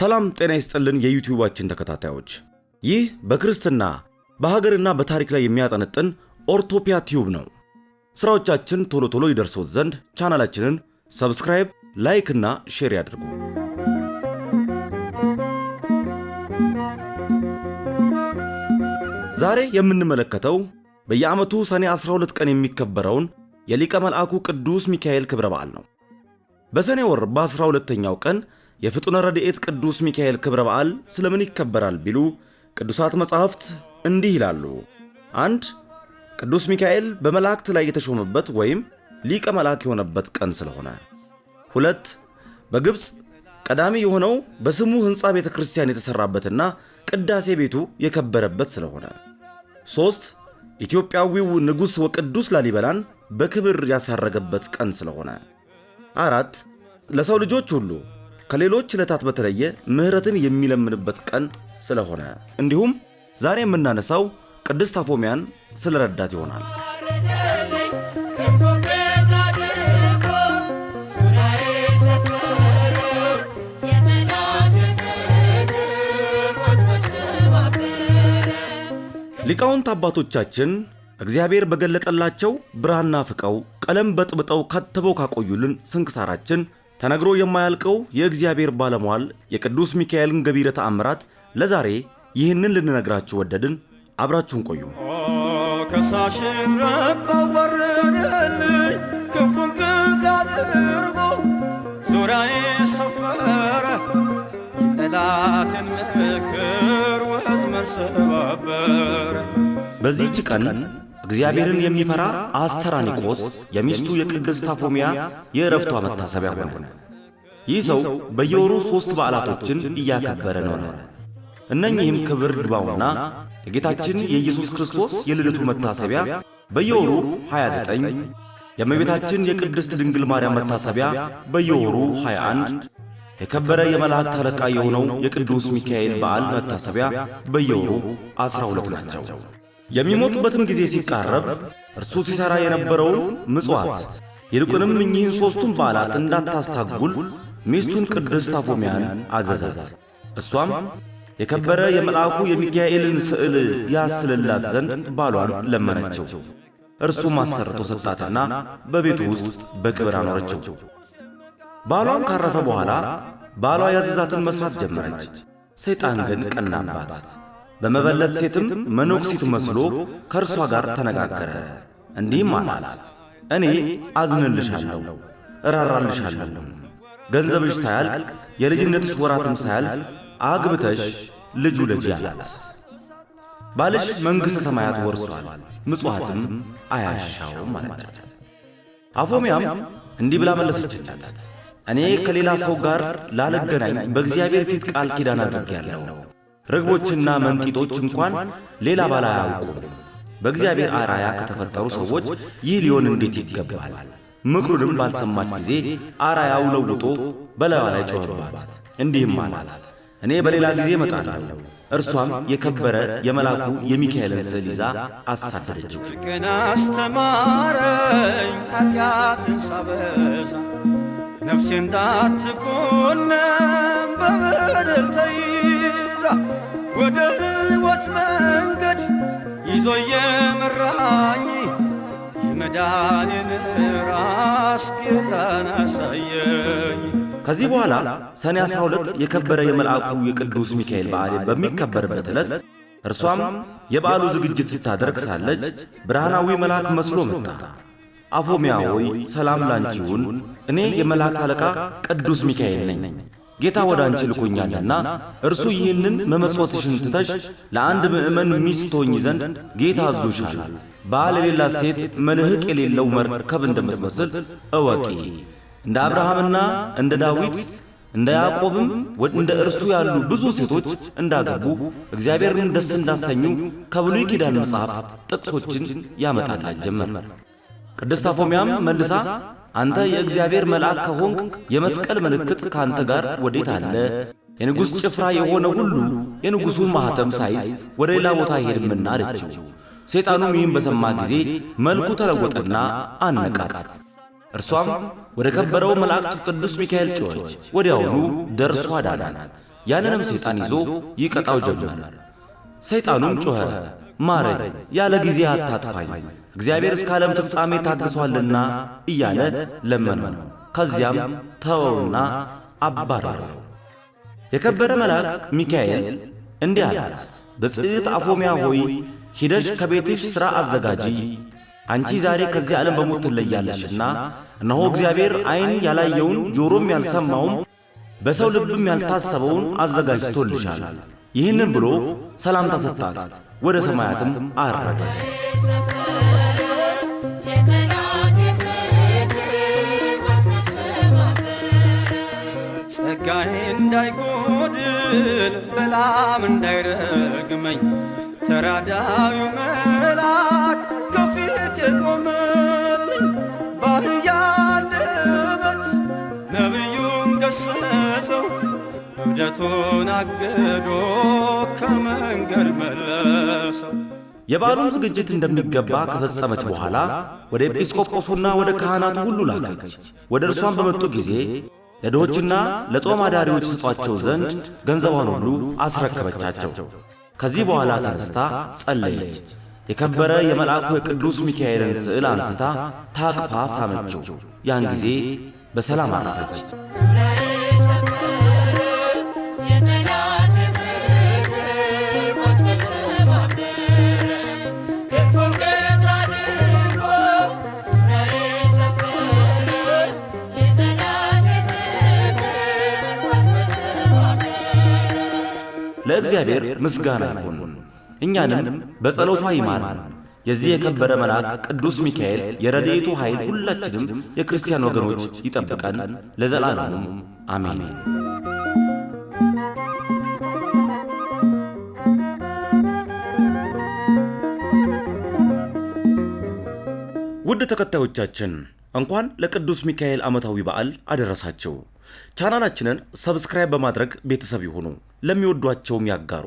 ሰላም ጤና ይስጥልን የዩቲዩባችን ተከታታዮች፣ ይህ በክርስትና በሀገርና በታሪክ ላይ የሚያጠነጥን ኦርቶፒያ ቲዩብ ነው። ስራዎቻችን ቶሎ ቶሎ ይደርሶት ዘንድ ቻናላችንን ሰብስክራይብ፣ ላይክ እና ሼር ያድርጉ። ዛሬ የምንመለከተው በየዓመቱ ሰኔ 12 ቀን የሚከበረውን የሊቀ መልአኩ ቅዱስ ሚካኤል ክብረ በዓል ነው። በሰኔ ወር በ12ኛው ቀን የፍጡነ ረድኤት ቅዱስ ሚካኤል ክብረ በዓል ስለምን ይከበራል ቢሉ ቅዱሳት መጻሕፍት እንዲህ ይላሉ። አንድ ቅዱስ ሚካኤል በመላእክት ላይ የተሾመበት ወይም ሊቀ መልአክ የሆነበት ቀን ስለሆነ። ሁለት በግብፅ ቀዳሚ የሆነው በስሙ ሕንፃ ቤተ ክርስቲያን የተሠራበትና ቅዳሴ ቤቱ የከበረበት ስለሆነ። ሦስት ኢትዮጵያዊው ንጉሥ ወቅዱስ ላሊበላን በክብር ያሳረገበት ቀን ስለሆነ። አራት ለሰው ልጆች ሁሉ ከሌሎች ዕለታት በተለየ ምሕረትን የሚለምንበት ቀን ስለሆነ እንዲሁም ዛሬ የምናነሳው ቅድስት አፎሚያን ረዳት ይሆናል። ሊቃውንት አባቶቻችን እግዚአብሔር በገለጠላቸው ብራና ፍቀው ቀለም በጥብጠው ከትበው ካቆዩልን ስንክሳራችን ተነግሮ የማያልቀው የእግዚአብሔር ባለሟል የቅዱስ ሚካኤልን ገቢረ ተአምራት ለዛሬ ይህንን ልንነግራችሁ ወደድን። አብራችሁን ቆዩ። በዚህች ቀን እግዚአብሔርን የሚፈራ አስተራኒቆስ የሚስቱ የቅድስት ታፎሚያ የእረፍቷ መታሰቢያ ሆነ። ይህ ሰው በየወሩ ሦስት በዓላቶችን እያከበረ ነው። እነኚህም ክብር ድባውና የጌታችን የኢየሱስ ክርስቶስ የልደቱ መታሰቢያ በየወሩ 29፣ የእመቤታችን የቅድስት ድንግል ማርያም መታሰቢያ በየወሩ 21፣ የከበረ የመላእክት አለቃ የሆነው የቅዱስ ሚካኤል በዓል መታሰቢያ በየወሩ 12 ናቸው። የሚሞትበትም ጊዜ ሲቃረብ እርሱ ሲሠራ የነበረውን ምጽዋት ይልቁንም እኚህን ሦስቱን በዓላት እንዳታስታጉል ሚስቱን ቅድስት አፎሚያን አዘዛት። እሷም የከበረ የመልአኩ የሚካኤልን ስዕል ያስልላት ዘንድ ባሏን ለመነችው። እርሱም አሰርቶ ሰጣትና በቤቱ ውስጥ በክብር አኖረችው። ባሏም ካረፈ በኋላ ባሏ ያዘዛትን መሥራት ጀመረች። ሰይጣን ግን ቀናባት። በመበለት ሴትም መኖክሲት መስሎ ከእርሷ ጋር ተነጋገረ። እንዲህም አላት፣ እኔ አዝንልሻለሁ፣ እራራልሻለሁ። ገንዘብሽ ሳያልቅ የልጅነትሽ ወራትም ሳያልፍ አግብተሽ ልጁ ልጅ ያላት ባልሽ መንግሥተ ሰማያት ወርሷል፣ ምጽዋትም አያሻውም አለቻት። አፎሚያም እንዲህ ብላ መለሰችላት፣ እኔ ከሌላ ሰው ጋር ላለገናኝ በእግዚአብሔር ፊት ቃል ኪዳን አድርጌያለሁ። ርግቦችና መንጢጦች እንኳን ሌላ ባል አያውቁም። በእግዚአብሔር አራያ ከተፈጠሩ ሰዎች ይህ ሊሆን እንዴት ይገባል? ምክሩንም ባልሰማች ጊዜ አራያው ለውጦ በላዩ ላይ ጮኸባት፣ እንዲህም አላት እኔ በሌላ ጊዜ እመጣለሁ። እርሷም የከበረ የመልአኩ የሚካኤልን ስዕል ይዛ አሳደደችው። ግን አስተማረኝ ኃጢአትን ሳበዛ ነፍሴ እንዳትኮነም በምድር ተይ ወደ ሕይወት መንገድ ይዞ የመራኝ የመዳኔን ራስ ጌታን አሳየኝ። ከዚህ በኋላ ሰኔ 12 የከበረ የመልአኩ የቅዱስ ሚካኤል በዓል በሚከበርበት ዕለት እርሷም የበዓሉ ዝግጅት ስታደርግ ሳለች ብርሃናዊ መልአክ መስሎ መጣ። አፎሚያ ሆይ ሰላም ላንቺውን፣ እኔ የመላእክት አለቃ ቅዱስ ሚካኤል ነኝ ጌታ ወደ አንቺ ልኮኛልና እርሱ ይህንን መመጽወትሽን ትተሽ ለአንድ ምእመን ሚስት ዘንድ ጌታ አዞሻል። ባል የሌላ ሴት መልህቅ የሌለው መርከብ እንደምትመስል እወቂ። እንደ አብርሃምና እንደ ዳዊት እንደ ያዕቆብም እንደ እርሱ ያሉ ብዙ ሴቶች እንዳገቡ እግዚአብሔርን ደስ እንዳሰኙ ከብሉይ ኪዳን መጽሐፍ ጥቅሶችን ያመጣላት ጀመር። ቅድስት አፎሚያም መልሳ አንተ የእግዚአብሔር መልአክ ከሆንክ የመስቀል ምልክት ካንተ ጋር ወዴት አለ? የንጉሥ ጭፍራ የሆነ ሁሉ የንጉሡን ማኅተም ሳይዝ ወደ ሌላ ቦታ አይሄድምና አለችው። ሰይጣኑም ይህን በሰማ ጊዜ መልኩ ተለወጠና አነቃት። እርሷም ወደ ከበረው መላእክቱ ቅዱስ ሚካኤል ጮኸች። ወዲያውኑ ደርሶ አዳናት። ያንንም ሰይጣን ይዞ ይቀጣው ጀመር። ሰይጣኑም ጮኸ ማረኝ፣ ያለ ጊዜ አታጥፋኝ፣ እግዚአብሔር እስከ ዓለም ፍጻሜ ታግሷልና እያለ ለመነው። ከዚያም ተወውና አባረረው። የከበረ መልአክ ሚካኤል እንዲህ አላት፣ ብፅዕት አፎሚያ ሆይ ሂደሽ ከቤትሽ ሥራ አዘጋጂ፣ አንቺ ዛሬ ከዚህ ዓለም በሞት ትለያለሽና እነሆ እግዚአብሔር ዐይን ያላየውን ጆሮም ያልሰማውም በሰው ልብም ያልታሰበውን አዘጋጅቶልሻል። ይህንም ብሎ ሰላምታ ሰጣት። ወደ ሰማያትም አረገ። ጸጋዬ እንዳይጎድል በላም እንዳይረግመኝ ተራዳዩ መልአክ ከፊት የቆመ አንገቱን አግዶ ከመንገድ መለሰው። ዝግጅት እንደሚገባ ከፈጸመች በኋላ ወደ ኤጲስቆጶሱና ወደ ካህናቱ ሁሉ ላከች። ወደ እርሷን በመጡ ጊዜ ለድሆችና ለጦም አዳሪዎች ስጧቸው ዘንድ ገንዘቧን ሁሉ አስረከበቻቸው። ከዚህ በኋላ ተነስታ ጸለየች። የከበረ የመልአኩ የቅዱስ ሚካኤልን ስዕል አንስታ ታቅፋ ሳመችው። ያን ጊዜ በሰላም አረፈች። ለእግዚአብሔር ምስጋና ይሁን፣ እኛንም በጸሎቷ ይማራል። የዚህ የከበረ መልአክ ቅዱስ ሚካኤል የረድኤቱ ኃይል ሁላችንም የክርስቲያን ወገኖች ይጠብቀን ለዘላለሙም አሜን። ውድ ተከታዮቻችን እንኳን ለቅዱስ ሚካኤል ዓመታዊ በዓል አደረሳችው ቻናላችንን ሰብስክራይብ በማድረግ ቤተሰብ ይሁኑ። ለሚወዷቸውም ያጋሩ።